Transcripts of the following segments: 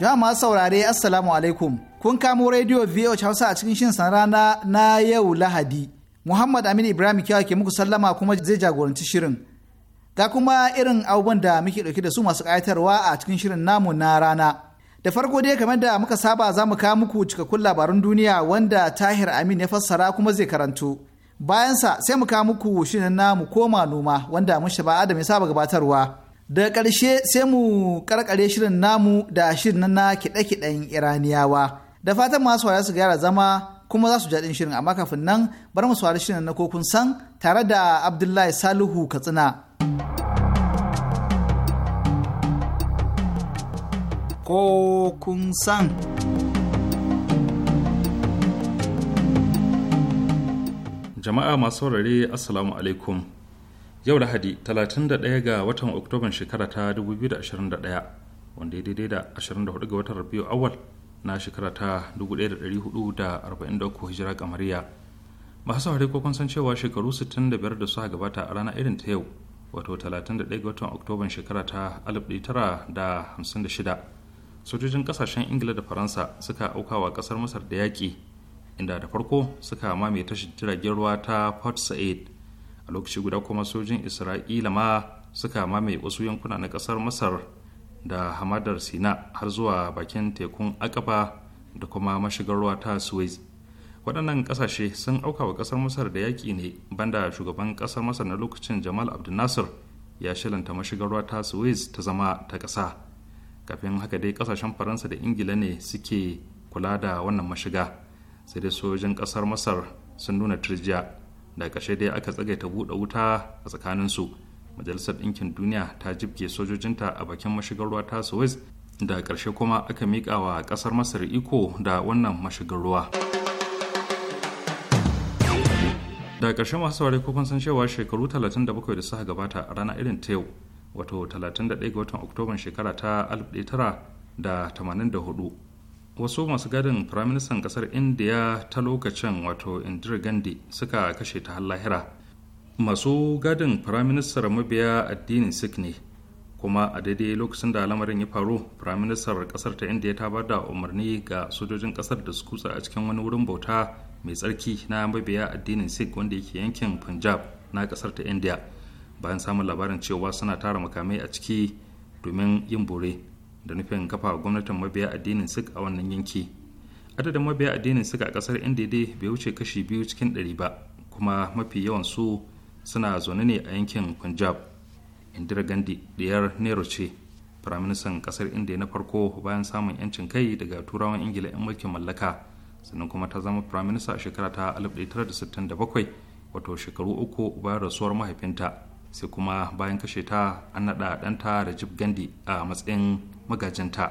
Ya masu saurare Assalamu alaikum. Kun kamo rediyo VOH Hausa a cikin shin rana na yau Lahadi. Muhammad Amin Ibrahim Kiyawa ke muku sallama kuma zai jagoranci shirin. Ga kuma irin abubuwan da muke ɗauke da su masu ƙayatarwa a cikin shirin namu na rana. Da farko dai kamar da muka saba za mu kawo muku cikakkun labarun duniya wanda Tahir Amin ya fassara kuma zai karanto. Bayansa sai mu kawo muku shirin namu koma noma wanda mun shaba Adam ya saba gabatarwa. da ƙarshe sai mu karkare shirin namu da shirin na kiɗe-kiɗen iraniyawa da fatan masu wara su gyara zama kuma za su jaɗin shirin amma kafin nan bar mu saurari shirin na kokun san tare da abdullahi salihu katsina kokun san jama'a masu saurari assalamu alaikum yau lahadi 31 ga watan oktoban shekara ta 2021 wanda ya daidai da 24 ga watan rabiu awal na shekara ta 1443 hijira kamariya masu saurari ko kun san cewa shekaru 65 da suka gabata a rana irin ta yau wato 31 ga watan oktoban shekara ta 1956 sojojin kasashen ingila da faransa suka aukawa kasar masar da yaƙi inda da farko suka mamaye tashin jiragen ruwa ta port said a lokaci guda kuma sojin isra'ila ma suka mamaye wasu yankuna na kasar masar da hamadar sina har zuwa bakin tekun akaba da kuma mashigar ruwa ta suez waɗannan ƙasashe sun auka wa ƙasar masar da yaƙi ne banda shugaban ƙasar masar na lokacin jamal abdulnasir ya shilanta mashigar ruwa ta suez ta zama ta ƙasa kafin haka dai ƙasashen faransa da ingila ne suke kula da wannan mashiga sai dai sojin ƙasar masar sun nuna turjiya da ƙarshe dai aka tsage ta buɗe wuta a tsakanin su majalisar ɗinkin duniya ta jibge sojojinta a bakin mashigar ruwa ta suez da ƙarshe kuma aka miƙa wa ƙasar masar iko da wannan mashigar ruwa da ƙarshe masu saurari kukun san cewa shekaru 37 da suka gabata a rana irin ta yau wato 31 ga watan oktoban shekara ta 1984 wasu masu gadin firaministan kasar indiya ta lokacin wato indira gandhi suka kashe ta lahira masu gadin firaministar mabiya addinin sikh ne kuma a daidai lokacin da lamarin ya faru firaministar kasar ta indiya ta ba da umarni ga sojojin kasar da su kutsa a cikin wani wurin bauta mai tsarki na mabiya addinin sikh wanda yake yankin punjab na kasar ta indiya bayan samun labarin cewa suna tara makamai a ciki domin yin bore da nufin kafa gwamnatin mabiya addinin sik a wannan yanki adadin mabiya addinin sik a kasar india dai bai wuce kashi biyu cikin ɗari ba kuma mafi yawan su suna zaune ne a yankin punjab indira gandhi ɗiyar nero ce firaministan kasar india na farko bayan samun yancin kai daga turawan ingila 'yan mulkin mallaka sannan kuma ta zama firaminista a shekara ta 1967 wato shekaru uku bayan rasuwar mahaifinta sai kuma bayan kashe ta an naɗa ɗanta rajib gandhi a matsayin magajinta.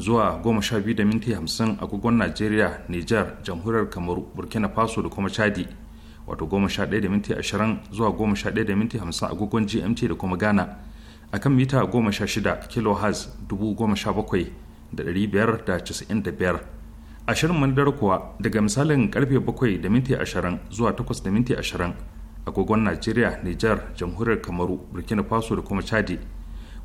zuwa goma sha biyu da agogon najeriya nijar jamhuriyar kamaru burkina faso da kuma chadi wato goma sha ɗaya zuwa goma sha ɗaya da minti hamsin agogon gmt da kuma ghana akan mita goma sha shida kilohertz dubu goma sha bakwai da biyar da da biyar ashirin mandar kuwa daga misalin karfe bakwai da minti ashirin zuwa takwas da minti ashirin agogon najeriya nijar jamhuriyar kamaru burkina faso da kuma chadi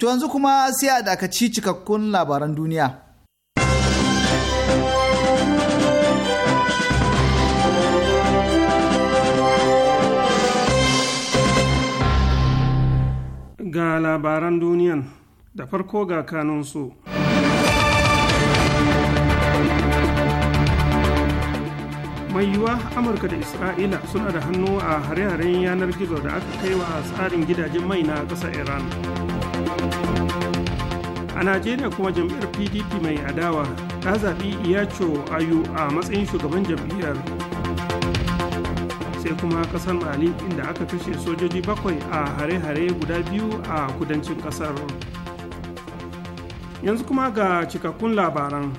To yanzu kuma sai a dakaci cikakkun labaran duniya. Ga labaran duniyan da farko ga kanunsu. mai yiwuwa amurka da isra'ila suna da hannu a hare-haren yanar gizo da aka kai wa tsarin gidajen mai na ƙasa iran a najeriya kuma jam'iyyar pdp mai adawa ta zaɓi iyacho ayu a matsayin shugaban jam'iyyar sai kuma ƙasar mali inda aka kashe sojoji bakwai a hare-hare guda biyu a kudancin ƙasar yanzu kuma ga cikakkun labaran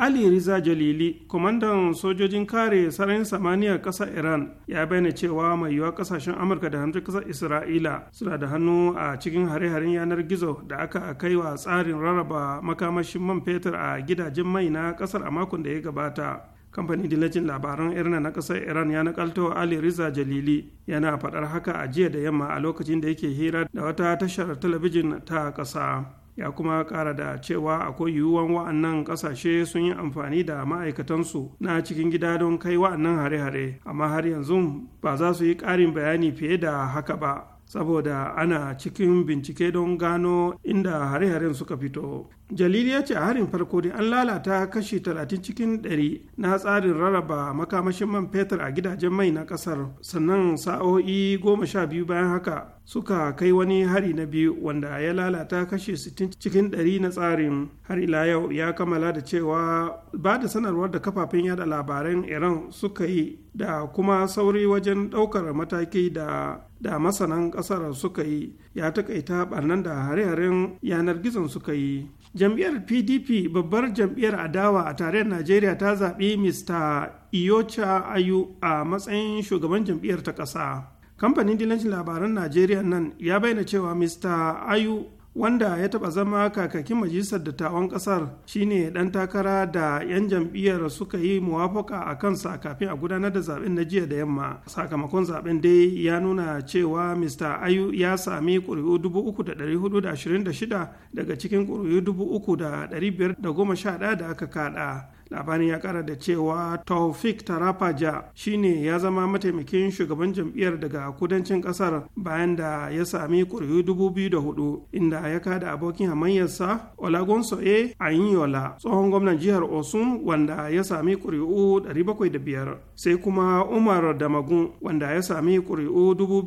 ali riza jalili kwamandan sojojin kare sararin samaniyar ƙasar iran ya bayyana cewa mai yiwuwa ƙasashen amurka da hamtar ƙasar isra'ila suna da hannu a cikin hare-haren yanar gizo da aka kai wa tsarin rarraba makamashin man fetur a gidajen mai na ƙasar a makon da ya gabata kamfanin dilajin labaran irna na ƙasar iran ya nakalto ali riza jalili yana faɗar haka a jiya da yamma a lokacin da yake hira da wata tashar talabijin ta ƙasa ya kuma kara da cewa akwai yiwuwan wa'annan kasashe sun yi amfani da ma'aikatansu na cikin gida don kai wa'annan hare-hare amma har yanzu ba za su yi ƙarin bayani fiye da haka ba saboda ana cikin bincike don gano inda hare-haren suka fito. jalili ya ce a harin farko dai an lalata kashi 30 cikin 100 na tsarin rarraba makamashin man fetur a gidajen mai na kasar sannan sa'o'i 12 bayan haka suka kai wani hari na biyu wanda ya lalata kashi 60 cikin 100 na tsarin har ila yau ya kammala da cewa ba da sanarwar da kafafen yada labaran iran suka yi da kuma sauri wajen ɗaukar mataki da da masanan kasar suka yi ya takaita barnan da hare-haren yanar gizon suka yi jam'iyyar pdp babbar jam'iyyar adawa a tarayyar najeriya ta zaɓi mr iyocha ayu a matsayin shugaban jam'iyyar ta ƙasa kamfanin dilancin labaran najeriya nan ya bayyana cewa mr ayu wanda ya taɓa zama kakakin majalisar dattawan ƙasar shine ɗan takara da 'yan jam'iyyar suka yi muwafaka a kansa kafin a gudanar da zaben na jiya da yamma sakamakon zaɓen dai ya nuna cewa mr ayu ya sami ƙuri'u 3,426 daga cikin ƙuri'u 3,511 da aka kaɗa. labarin ya kara da cewa taufik tarafaja shine ya zama mataimakin shugaban jam'iyyar daga kudancin kasar bayan da ya sami kuri'u dubu biyu da hudu inda ya kada abokin hamayyarsa olagunsoye ayinyola tsohon gwamnan jihar osun wanda ya sami kuri'u ɗari bakwai biyar sai kuma umar damagun wanda ya sami kuri'u dubu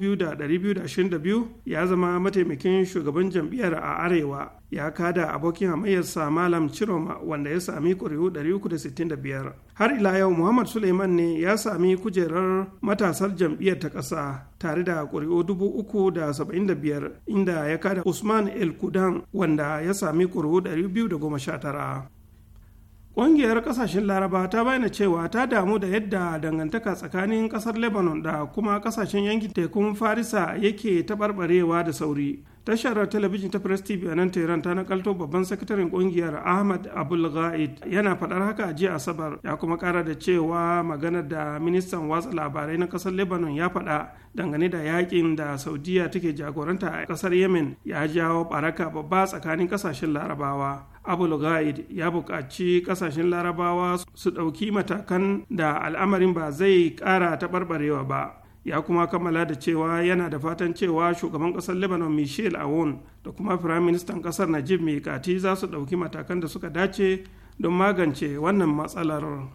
ya zama mataimakin shugaban jam'iyyar a arewa ya kada abokin hamayyarsa malam ciroma wanda ya sami ƙuri'u 365 har ila yau muhammad suleiman ne ya sami kujerar matasar jam'iyyar ta ƙasa tare da ƙuri'u 375 inda ya kada usman el kudan wanda ya sami ƙuri'u 219 Ƙungiyar ƙasashen Laraba ta bayyana cewa ta damu da yadda dangantaka tsakanin ƙasar Lebanon da kuma ƙasashen yankin tekun Farisa yake taɓarɓarewa da sauri. tashar talabijin ta press tv a nan tehran ta nakalto babban sakataren kungiyar ahmad abul ghaid yana faɗar haka a jiya asabar ya kuma ƙara da cewa maganar da ministan watsa labarai na ƙasar lebanon ya fada dangane da yakin da saudiya take jagoranta a ƙasar yemen ya jawo baraka babba tsakanin ƙasashen larabawa abul ghaid ya buƙaci ƙasashen larabawa su ɗauki matakan da al'amarin ba zai ƙara taɓarɓarewa ba ya kuma kammala da cewa yana da fatan cewa shugaban kasar lebanon michel awon da kuma firaministan kasar najib mikati za su ɗauki matakan da suka dace don magance wannan matsalar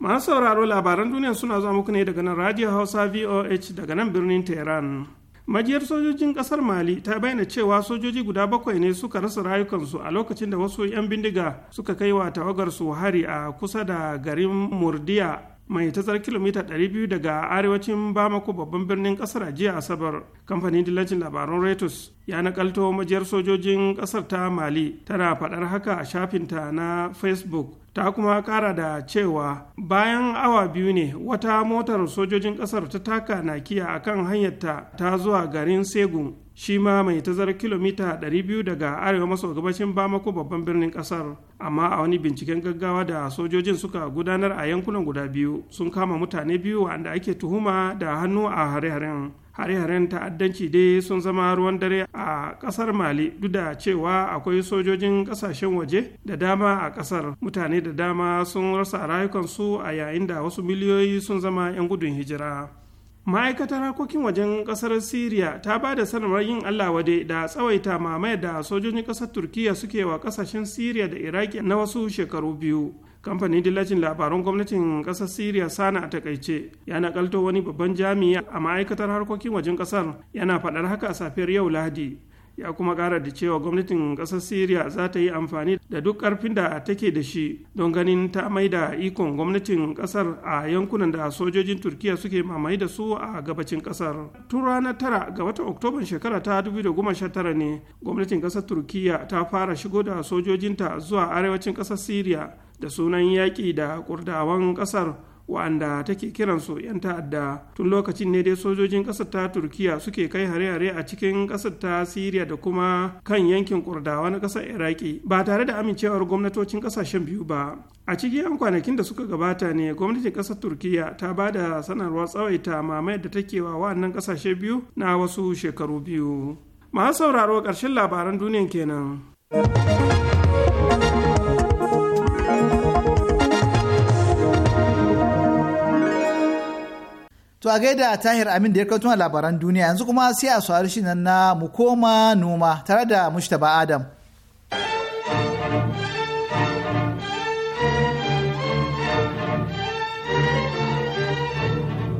masu sauraro labaran duniya suna zuwa muku ne daga nan radio hausa voh daga nan birnin tehran majiyar sojojin kasar mali ta bayyana cewa sojoji guda bakwai ne suka rasa rayukansu a lokacin da wasu 'yan bindiga suka kai wa tawagar su hari a kusa da garin murdiya mai tazar kilomita 200 daga arewacin bamako babban birnin kasar a jiya asabar kamfanin dillancin labarun reuters ya nakalto majiyar sojojin kasar ta mali tana faɗar haka a shafinta na facebook ta kuma kara da cewa bayan awa biyu ne wata motar sojojin kasar ta taka nakiya a kan hanyarta ta zuwa garin segun shi ma mai tazarar kilomita 200 daga arewa maso gabashin bamako babban birnin kasar amma a wani binciken gaggawa da sojojin suka gudanar a yankunan guda biyu sun kama mutane biyu wanda ake tuhuma da hannu a hare-haren hare-haren ta'addanci dai sun zama ruwan dare a kasar mali duk da cewa akwai sojojin kasashen waje da dama a kasar mutane da dama sun rasa rayukansu a yayin da wasu miliyoyi sun zama 'yan gudun hijira ma'aikatar harkokin wajen kasar syria ta ba da sanarwar yin allah wade da tsawaita mamayar da sojojin kasar turkiya suke wa kasashen syria da iraki na wasu shekaru biyu kamfanin dillacin labaran gwamnatin kasar syria sana a takaice ya nakalto wani babban jami'a a ma'aikatar harkokin wajen kasar yana faɗar haka a safiyar yau lahadi ya kuma kara da cewa gwamnatin kasar syria za ta yi amfani da duk karfin da take da shi don ganin ta mai da ikon gwamnatin kasar a yankunan da sojojin turkiya suke mamaye da su a gabacin kasar tun ranar tara ga watan oktoban shekara ta 2019 ne gwamnatin kasar turkiya ta fara shigo da sojojinta zuwa arewacin kasar syria da sunan yaƙi da kurdawan kasar wa'anda take kiransu 'yan ta'adda tun lokacin ne dai sojojin ƙasar ta turkiya suke kai hare-hare a cikin ƙasar ta siriya da kuma kan yankin kurdawa na ƙasar iraki ba tare da amincewar gwamnatocin ƙasashen biyu ba a cikin 'yan kwanakin da suka gabata ne gwamnatin ƙasar turkiya ta ba da sanarwar tsawaita mamayar da take wa wa'annan ƙasashe biyu na wasu shekaru biyu masu sauraro ƙarshen labaran duniya kenan To a gaida Tahir Amin da ya kawo tuna labaran duniya yanzu kuma sai a saurari shi nan na mu koma noma tare da Mustapha Adam.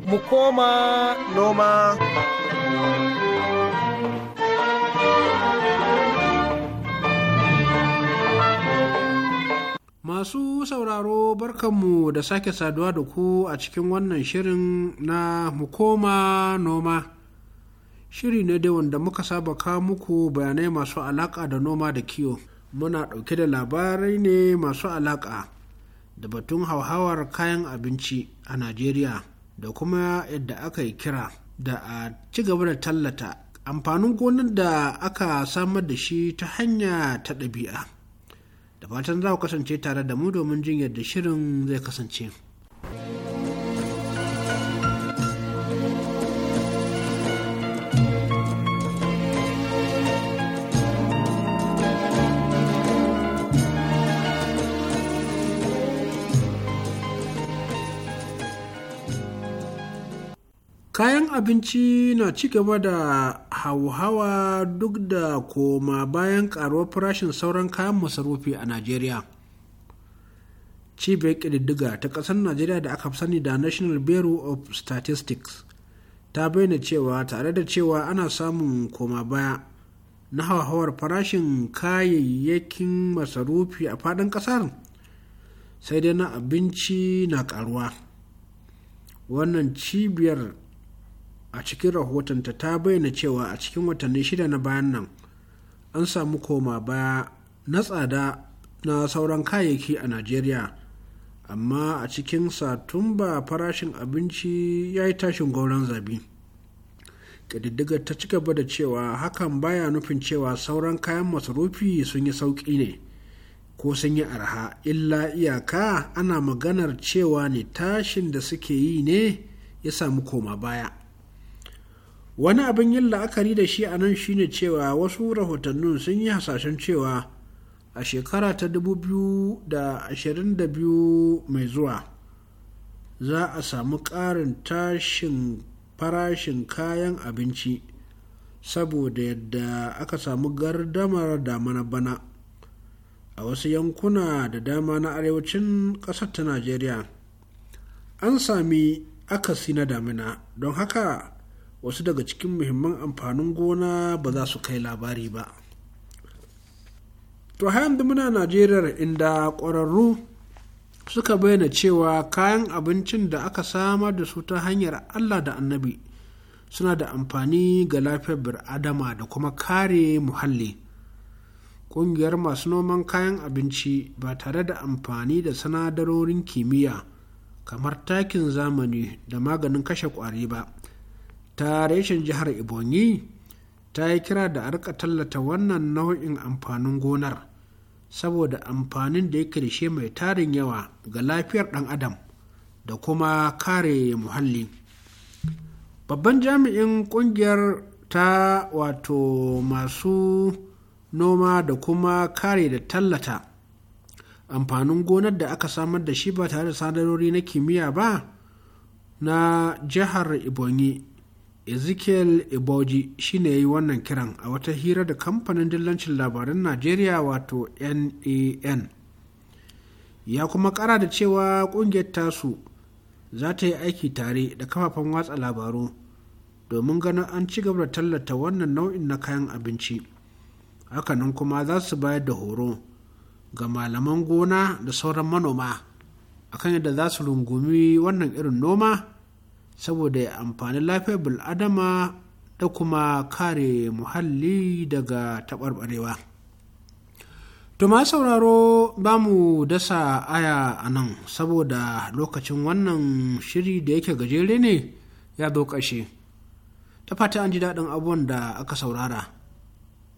Mu koma noma. masu sauraro barkanmu da sake saduwa da ku a cikin wannan shirin na mukoma noma shiri ne dai wanda muka saba ka muku bayanai masu alaka da noma da kiwo muna ɗauke da labarai ne masu alaka da batun hauhawar kayan abinci a najeriya da kuma yadda aka yi kira da a ci gaba da tallata amfanin gonar da aka samar da shi ta hanya ta ɗabi'a da fatan za ku kasance tare da mu domin jin yadda shirin zai kasance. kayan abinci na ci gaba da hauhawa duk da koma bayan karuwar farashin sauran kayan masarufi a najeriya cibiyar ƙididdiga ta ƙasar najeriya da aka sani da national bureau of statistics ta bayyana cewa tare da cewa ana samun koma baya na hauhawar farashin kayayyakin masarufi a faɗin ƙasar sai dai na abinci na karuwa, wannan cibiyar a cikin rahotonta ta bayyana cewa a cikin watanni shida na bayan nan an samu koma baya na tsada na sauran kayayyaki a najeriya amma a cikin satumba farashin abinci ya yi tashin gauran zabi ƙididdigar ta ci gaba da cewa hakan baya nufin cewa sauran kayan masarufi sun yi sauƙi ne ko sun yi arha illa iyaka ana maganar cewa ne tashin da suke yi ne ya samu koma baya wani abin yin la'akari da shi a nan shine cewa wasu rahotannin sun yi hasashen cewa a shekara ta 2022 mai zuwa za a samu ƙarin tashin farashin kayan abinci saboda yadda aka samu gardamar damana bana a wasu yankuna da dama na arewacin ƙasar ta najeriya an sami akasi na damina don haka wasu daga cikin muhimman amfanin gona ba za su kai labari ba to yanzu muna najeriya inda ƙwararru suka bayyana cewa kayan abincin da aka samar da su ta hanyar allah da annabi suna da amfani ga lafiyar bir'adama da kuma kare muhalli ƙungiyar masu noman kayan abinci ba tare da amfani da sinadarorin kimiyya kamar takin zamani da maganin kashe ƙwari ba ta reshen jihar ibonyi ta yi kira da arka tallata wannan nau'in amfanin gonar saboda amfanin da ya karshe mai tarin yawa ga lafiyar ɗan adam da kuma kare muhalli babban jami'in ƙungiyar ta wato masu noma da kuma kare da tallata amfanin gonar da aka samar da shi ba tare da sadarori na kimiyya ba na jihar ibonyi ezekiel iboji shine ya yi wannan kiran a wata hira da kamfanin dillancin labaran najeriya wato nan ya kuma kara da cewa kungiyar tasu za ta yi aiki tare da kafafen watsa labaru domin ganin an ci gaba da tallata wannan nau'in na kayan abinci hakanan kuma za su bayar da horo ga malaman gona da sauran manoma akan yadda za su rungumi wannan irin noma saboda ya amfani lafiyar bil'adama da kuma kare muhalli daga taɓarɓarewa. To ma sauraro ba mu dasa aya a nan saboda lokacin wannan shiri da yake gajere ne ya zo ƙashe. Ta fata an ji daɗin abubuwan da aka saurara.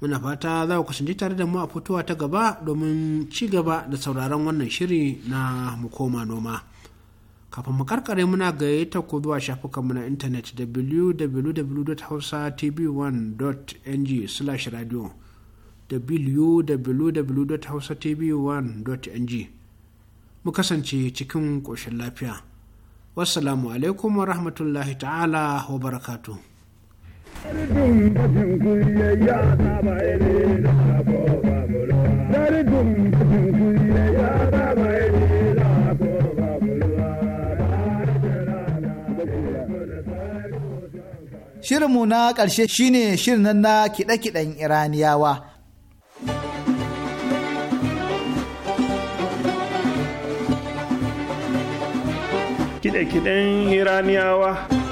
Muna fata za ku kusanci tare da mu a fitowa ta gaba domin ci gaba da sauraron wannan shiri na mu koma noma. kafin mu karkare muna gayyata ku zuwa shafukanmu na intanet www.hausatv1.ng slash radio www.hausatv1.ng mu kasance cikin ƙoshin lafiya wassalamu alaikum wa rahmatullahi ta'ala wa barakatu Dari dum dum kuye ya Shirinmu na ƙarshe shine shirin na kiɗe-kiɗen Iraniyawa. Kiɗe-kiɗen Iraniyawa.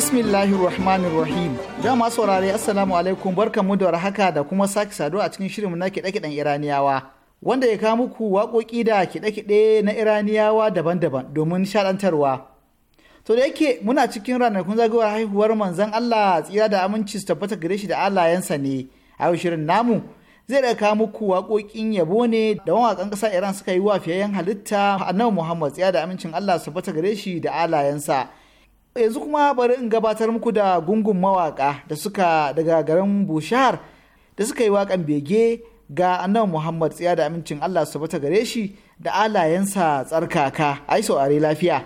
Bismillahirrahmanirrahim. Jama saurare Assalamu alaikum mu da warhaka da kuma sake saduwa a cikin shirinmu na kiɗe-kiɗen Iraniyawa. Wanda ya kawo muku waƙoƙi da kiɗe-kiɗe na Iraniyawa daban-daban domin shaɗantarwa. To da yake muna cikin ranakun zagawar haihuwar manzon Allah tsira da aminci su tabbata gare shi da alayensa ne. A yau shirin namu zai da kawo muku waƙoƙin yabo ne da mawaƙan ƙasa Iran suka yi wa fiyayyen halitta annabi Muhammad tsira da amincin Allah su tabbata gare shi da alayensa. yanzu kuma bari in gabatar muku da gungun mawaka da suka daga garin bushar da suka yi wakan bege ga annabi muhammad tsiya da amincin allah su bata gare shi da alayensa tsarkaka ai saurari lafiya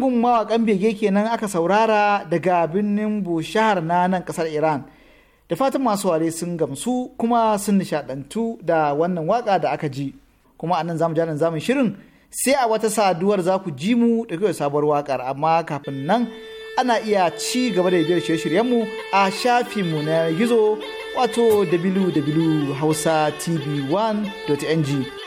Gungun mawakan bege kenan aka saurara daga birnin Bushahar na nan kasar Iran. Da fatan masu ware sun gamsu kuma sun nishadantu da wannan waka da aka ji. Kuma a nan zamu janin zamun shirin sai a wata saduwar za ku ji mu da sabuwar wakar amma kafin nan ana iya ci gaba da biyar shirye mu a shafin mu na gizo wato www.hausa tv1.ng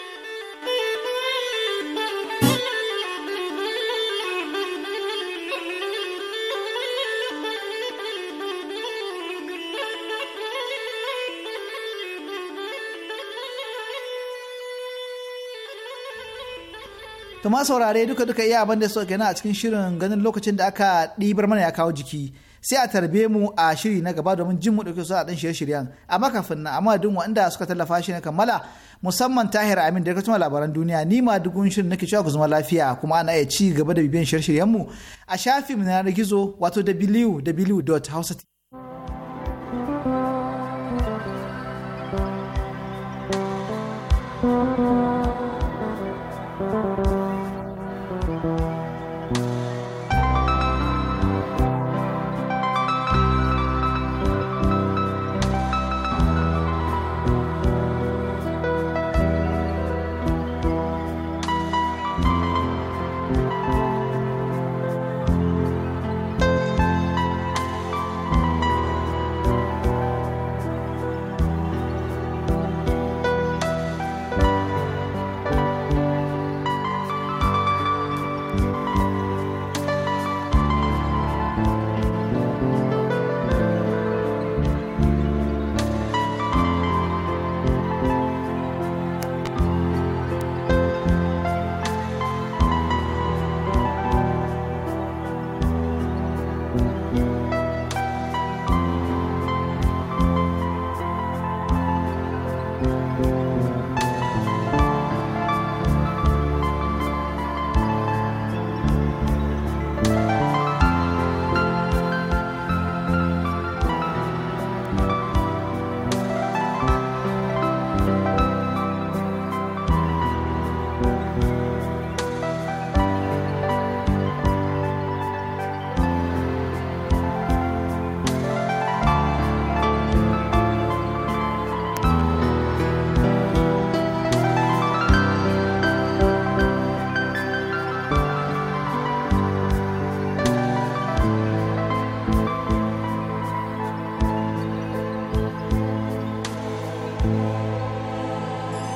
to ma saurare duka duka iya abin da suka kenan a cikin shirin ganin lokacin da aka ɗibar mana ya kawo jiki sai a tarbe mu a shiri na gaba domin jin mu ɗauke su a dan shirye-shiryen amma kafin na amma duk wanda suka tallafa shi na kammala musamman tahir amin da ya kuma labaran duniya ni ma dugun shirin nake cewa ku zama lafiya kuma ana iya ci gaba da bibiyan shirye-shiryen mu a shafin na gizo wato www.hausat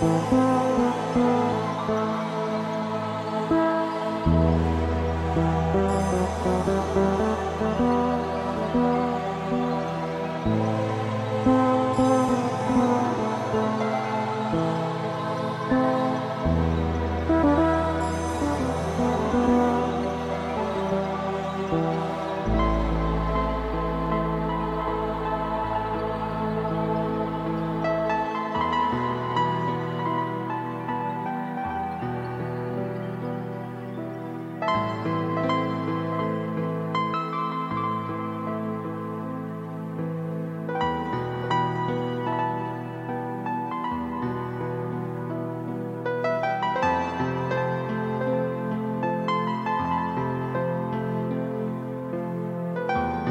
Música